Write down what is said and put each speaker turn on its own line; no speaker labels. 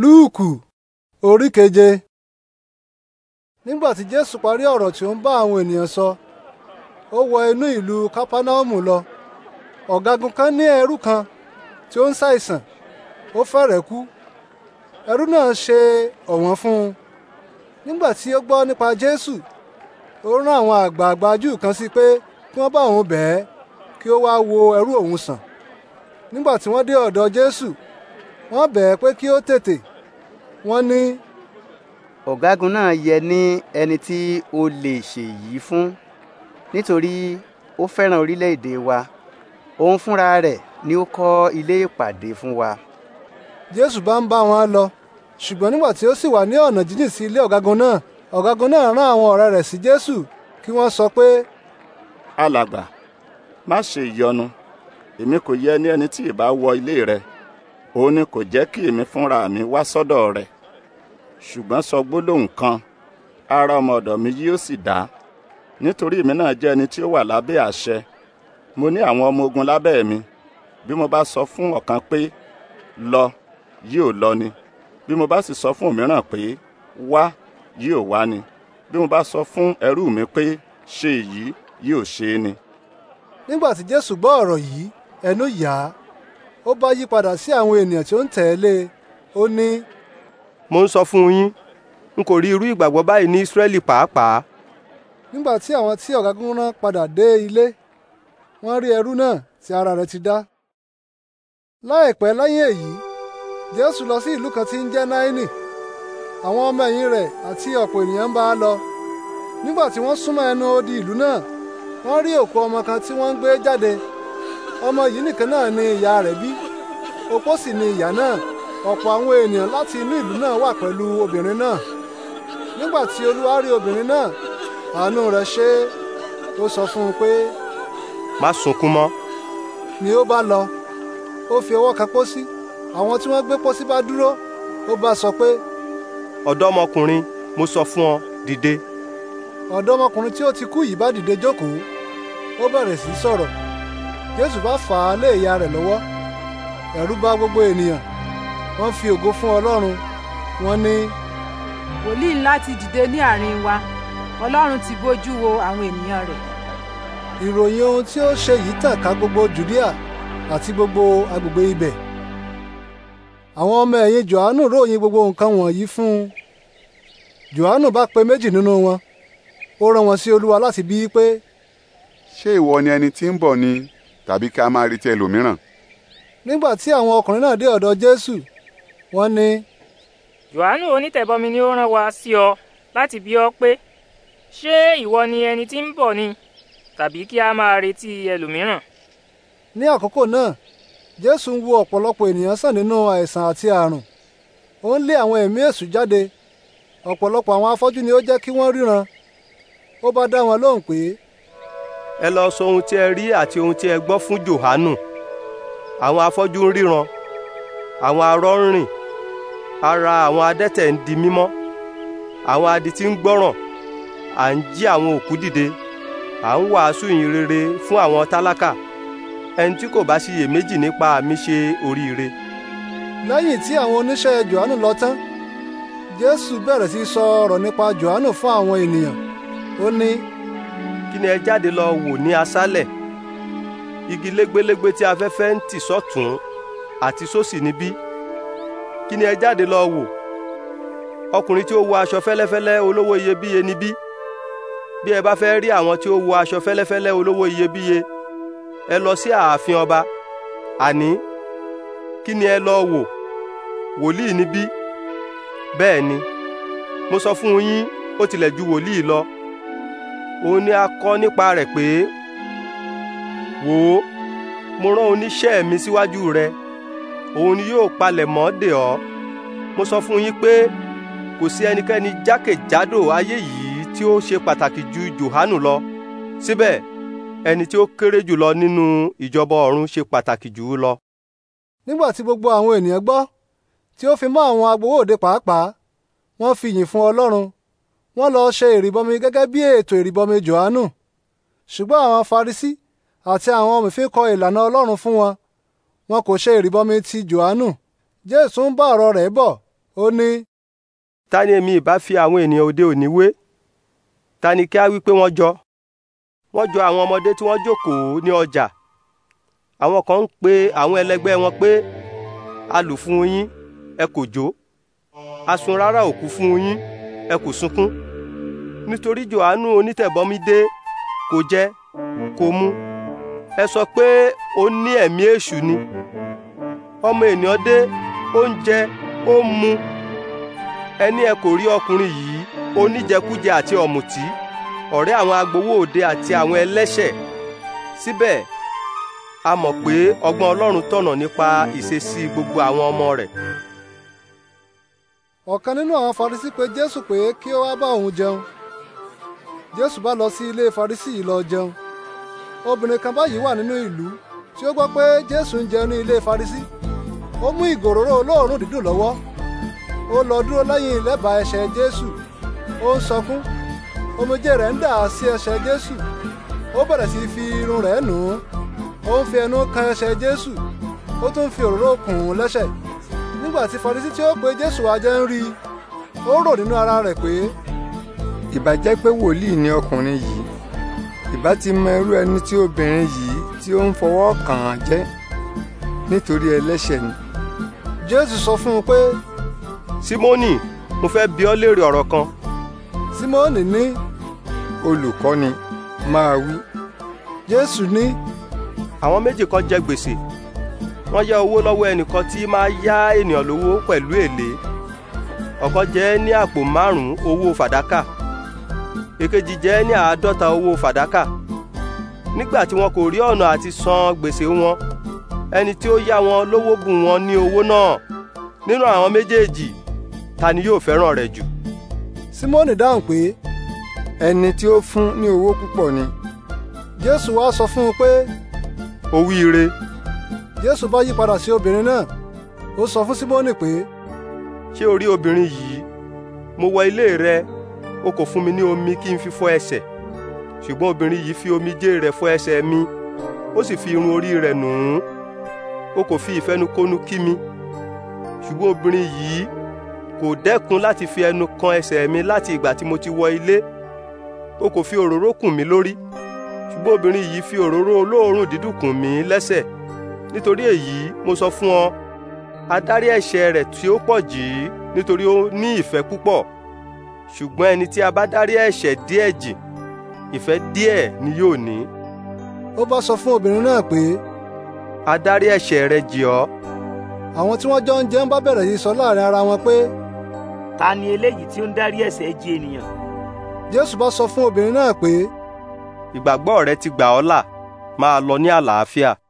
lúùkù orí keje. nígbà tí jésù parí ọ̀rọ̀ tí ó ń bá àwọn ènìyàn sọ ó wọ inú ìlú kápánámù lọ ọ̀gágun kan ní ẹrú kan tí ó ń ṣàìsàn ó fẹ́rẹ̀ kú ẹrú náà ṣe ọ̀wọ́n fún un nígbà tí ó gbọ́ nípa jésù ó rán àwọn àgbààgbà júù kan sí pé kí wọ́n bá òun bẹ̀ẹ́ kí ó wá wo ẹrú òun sàn nígbà tí wọ́n dé ọ̀dọ̀ jésù wọ́n bẹ̀ẹ́ pé kí ó tètè wọ́n ní. ọ̀gágun náà yẹ ní ẹni tí
o lè ṣèyí fún nítorí ó fẹ́ràn orílẹ̀-èdè wa òun fúnra rẹ̀ ni ó kọ́ ilé ìpàdé fún wa.
jésù bá ń bá wọn lọ ṣùgbọ́n nígbà tí ó sì wà ní ọ̀nà jíjìn sí ilé ọ̀gágun náà ọ̀gágun náà rán àwọn ọ̀rẹ́ rẹ̀ sí jésù kí wọ́n sọ pé.
alàgbà má ṣe ìyọnu èmi kò yẹ ní ẹni tí ì bá wọ ilé rẹ òun ni kò jẹ́ kí èmi fúnra mi wá sọ́dọ̀ rẹ̀ ṣùgbọ́n sọ gbólóhùn kan ara ọmọ ọ̀dọ̀ mi yóò sì dá nítorí èmi náà jẹ́ ẹni tí ó wà lábẹ́ àṣẹ mo ní àwọn ọmọ ogun lábẹ́ mi bí mo bá sọ fún ọ̀kan pé lọ yóò lọ ni bí mo bá sì sọ fún òmíràn pé wá yóò wá ni bí mo bá sọ fún ẹrú mi pé ṣe èyí yóò ṣe é ni.
nígbà tí jésù gbọ́ ọ̀rọ̀ yìí ẹnu yà á ó bá yí padà sí àwọn ènìyàn tí ó ń tẹ̀lé e ó ní.
mo ń sọ fún yín n kò rí irú ìgbàgbọ́ báyìí ní Ísírẹ́lì pàápàá.
nígbà tí àwọn tí ọ̀gágun rán padà dé ilé wọ́n rí ẹrú náà tí ara rẹ̀ ti dá. láìpẹ́ lẹ́yìn èyí Jésù lọ sí ìlú kan tí ń jẹ́ Náínì àwọn ọmọ ẹ̀yìn rẹ̀ àti ọ̀pọ̀ ènìyàn ń bá a lọ nígbà tí wọ́n súnmọ́ ẹnu odi ìlú náà wọ́n rí òkú ọmọ kan tí wọ́n ń gbé jáde ọmọ yìí nìkan náà ni ìyá rẹ̀ bí opó sì ni ìyá náà ọ̀pọ̀ àwọn ènìyàn láti inú ìlú náà wà pẹ̀lú obìnrin náà nígbà tí olúwa rí obìnrin náà àánú rẹ̀ ṣe ó sọ fún un pé. má sunkún mọ́. ni ó bá lọ ó fi ọwọ́ kan pósí àwọn tí wọ́n gbé pósí bá dúró ó bá sọ pé. ọ̀dọ́mọkùnrin mo sọ fún ọ dìde. ọ̀dọ́mọkùnrin tí ó ti kú yìí bá dìde jókòó ó bẹ̀rẹ̀ sí sọ̀rọ̀ jésù bá fà á lé ìyá rẹ̀ lọ́wọ́ ẹ̀rù bá gbogbo ènìyàn wọ́n fi ògo fún ọlọ́run wọ́n ní. wòlíì ńlá ti dìde ní àárín wa ọlọ́run ti bójú wo àwọn ènìyàn rẹ̀. ìròyìn ohun tí ó ṣe yìí tàn ká gbogbo judea àti gbogbo agbègbè ibẹ̀ àwọn ọmọ ẹ̀yìn johannu ròyìn gbogbo nǹkan wọ̀nyí fún un johannu bá pe méjì nínú wọn ó rán wọn sí olúwa láti bi í pé. ṣé ìwọ ni ẹni tí ń bọ̀ ni tàbí kí a máa retí ẹlòmíràn. nígbà tí àwọn ọkùnrin náà dé ọ̀dọ̀ jésù wọ́n ní.
jòhánù onítẹ̀bọmi ni ó rán wa sí ọ láti bi ọ pé ṣé ìwọ ni ẹni tí ń bọ̀ ni tàbí kí a máa retí ẹlòmíràn.
ní àkókò náà jésù ń wo ọ̀pọ̀lọpọ̀ ènìyàn sàn nínú àìsàn àti àrùn ó ń lé àwọn ẹ̀mí èṣù jáde ọ̀pọ̀lọpọ̀ àwọn afọ́jú ni ó jẹ́ kí wọ́n ríran ó bá dá wọn lóhùn pé
ẹ lọ sọ ohun tí ẹ rí àti ohun tí ẹ gbọ́ fún Jòhánù àwọn afọ́jú ń ríran àwọn arọ ń rìn ara àwọn adẹ́tẹ̀ ń di mímọ́ àwọn adití ń gbọ́ràn à ń jí àwọn òkú dìde à ń wàásù ìyìn rere fún àwọn tálákà ẹni tí kò bá ṣiyèméjì nípa mi ṣe oríire.
lẹ́yìn tí àwọn oníṣẹ́ Jòhánù lọ tán Jésù bẹ̀rẹ̀ sí sọ ọ̀rọ̀ nípa Jòhánù fún àwọn ènìyàn ó ní kí ni ẹ jáde lọ wò ní aṣálẹ̀ igi
lẹ́gbẹ́lẹ́gbẹ́ tí afẹ́fẹ́ ń tì sọ́tún àti sósì níbí kí ni ẹ jáde lọ wò ọkùnrin tí ó wọ aṣọ fẹ́lẹ́fẹ́lẹ́ olówó iyebíye níbí bí ẹ bá fẹ́ rí àwọn tí ó wọ aṣọ fẹ́lẹ́fẹ́lẹ́ olówó iyebíye ẹ lọ sí ààfin ọba àní kí ni ẹ lọ wò wòlíì níbí bẹ́ẹ̀ ni mo sọ fún yín ó tilẹ̀ ju wòlíì lọ òun ni a kọ nípa rẹ̀ pé wò ó mo rán oníṣẹ́ mi síwájú rẹ òun ni yóò palẹ̀ mọ́ dè ọ́ mo sọ fún yín pé kò sí ẹnikẹ́ni jákèjádò ayé yìí tí ó ṣe pàtàkì ju Jòhánù lọ síbẹ̀ ẹni tí ó kéré jùlọ nínú
ìjọba ọ̀run
ṣe pàtàkì jù ú lọ.
nígbà tí gbogbo àwọn ènìyàn gbọ́ tí ó fi mọ́ àwọn agbowóòde pàápàá wọ́n fi yìn fún Ọlọ́run wọ́n lọ ṣe ìrìbọmi gẹ́gẹ́ bí ètò ìrìbọmi Jòhánù ṣùgbọ́n àwọn Farisí àti àwọn amòfin kọ ìlànà Ọlọ́run fún wọn wọn kò ṣe ìrìbọmi ti Jòhánù Jésù ń bá ọ̀rọ̀ rẹ̀ bọ̀ ó ní. ta ni èmi ìbá fi àwọn ènìyàn òde òní wé
ta ni kí á wí pé wọ́n jọ wọ́n jọ àwọn ọmọdé tí wọ́n jókòó ní ọjà àwọn kan ń pe àwọn ẹlẹgbẹ́ wọn pé a lù fún yín ẹ kò jó a sun rárá òkú fún yín ẹ kò sunkún Mm. nítorí Jòhánù onítẹ̀bọmi dé kò jẹ kò mu ẹ sọ pé ó ní ẹ̀mí èṣù ni ọmọ ènìyàn dé ó ń jẹ ó ń mu ẹni ẹ kò rí ọkùnrin yìí oníjẹkújẹ àti ọ̀mùtí ọ̀rẹ́ àwọn agbowó òde àti àwọn ẹlẹ́ṣẹ̀ síbẹ̀ a mọ̀ pé ọgbọ́n Ọlọ́run tọ̀nà nípa ìṣesí gbogbo àwọn ọmọ rẹ̀.
ọ̀kan nínú àwọn Farisí pè Jésù pé kí ó wá bá òun jẹun Jésù bá lọ sí ilé Farisí lọ jẹun obìnrin kan báyìí wà nínú ìlú tí ó gbọ́ pé Jésù ń jẹun ní ilé Farisí ó mú ìgòròrò olóòórùn dídùn lọ́wọ́ ó lọ dúró lẹ́yìn lẹ́bàá ẹsẹ̀ Jésù ó ń sọkún omijé rẹ̀ ń dà sí ẹsẹ̀ Jésù ó bẹ̀rẹ̀ sí fi irun rẹ̀ nù ún ó ń fi ẹnu kan ẹsẹ̀ Jésù ó tún fi òróró kùn ún lẹ́sẹ̀ nígbà tí Farisí tí ó pe Jésù wá ń rí i ó rò nínú ara rẹ̀ pé ìbá jẹ́ pé wòlíì ni ọkùnrin yìí ìbá ti mọ irú ẹni tí obìnrin yìí tí ó ń fọwọ́ kàn án jẹ́ nítorí ẹlẹ́ṣẹ̀ ni. jésù sọ fún un pé.
símónì mo fẹ́ bi ọ́ léèrè ọ̀rọ̀ kan. símónì ní olùkọ́ni máa wí. jésù ní. àwọn méjì kan jẹ gbèsè wọ́n yá owó lọ́wọ́ ẹnìkan tí máa yá ènìyàn lówó pẹ̀lú èlé ọ̀kan jẹ́ ní àpò márùn owó fàdákà èkejì jẹ́ ní àádọ́ta owó fàdákà nígbà tí wọn kò rí ọ̀nà àti san gbèsè wọn ẹni tí ó yá wọn lówó bùn wọn ní owó náà nínú àwọn méjèèjì ta ni yóò
fẹ́ràn rẹ̀ jù. simoni dáhùn pé ẹni tí ó fún ní owó púpọ̀ ni jésù wá sọ fún un pé. ó ire. jésù bá yí padà sí obìnrin náà ó sọ fún simoni pé. ṣé o rí obìnrin yìí mo wọ ilé rẹ o kò fún mi ní omi kí n fi
fọ ẹsẹ̀ ṣùgbọ́n obìnrin yìí fi omijé rẹ̀ fọ ẹsẹ̀ mi ó sì fi irun orí rẹ̀ nù ún o kò fi ìfẹnukonu kí mi ṣùgbọ́n obìnrin yìí kò dẹ́kun láti fi ẹnu kan ẹsẹ̀ mi láti ìgbà tí mo ti wọ ilé o kò fi òróró kùn mí lórí ṣùgbọ́n obìnrin yìí fi òróró olóòórùn dídùn kùn mí lẹ́sẹ̀ nítorí èyí mo sọ fún ọ a dárí ẹ̀ṣẹ̀ tí ó pọ̀ jì í nítorí ó ní ìfẹ́ púpọ̀ ṣùgbọ́n ẹni tí a bá dárí ẹ̀ṣẹ̀ díẹ̀ jì ìfẹ́ díẹ̀ ni yóò ní. ó bá sọ fún obìnrin náà pé. a dárí ẹ̀ṣẹ̀ rẹ jì ọ́.
àwọn tí wọ́n jọ ń jẹun bá bẹ̀rẹ̀ sí sọ láàrin ara wọn pé. ta ni eléyìí tí ó ń dárí ẹ̀ṣẹ̀ jì ènìyàn. jésù bá sọ
fún obìnrin náà pé. ìgbàgbọ́ rẹ ti gbà ọ́ là máa lọ ní àlàáfíà.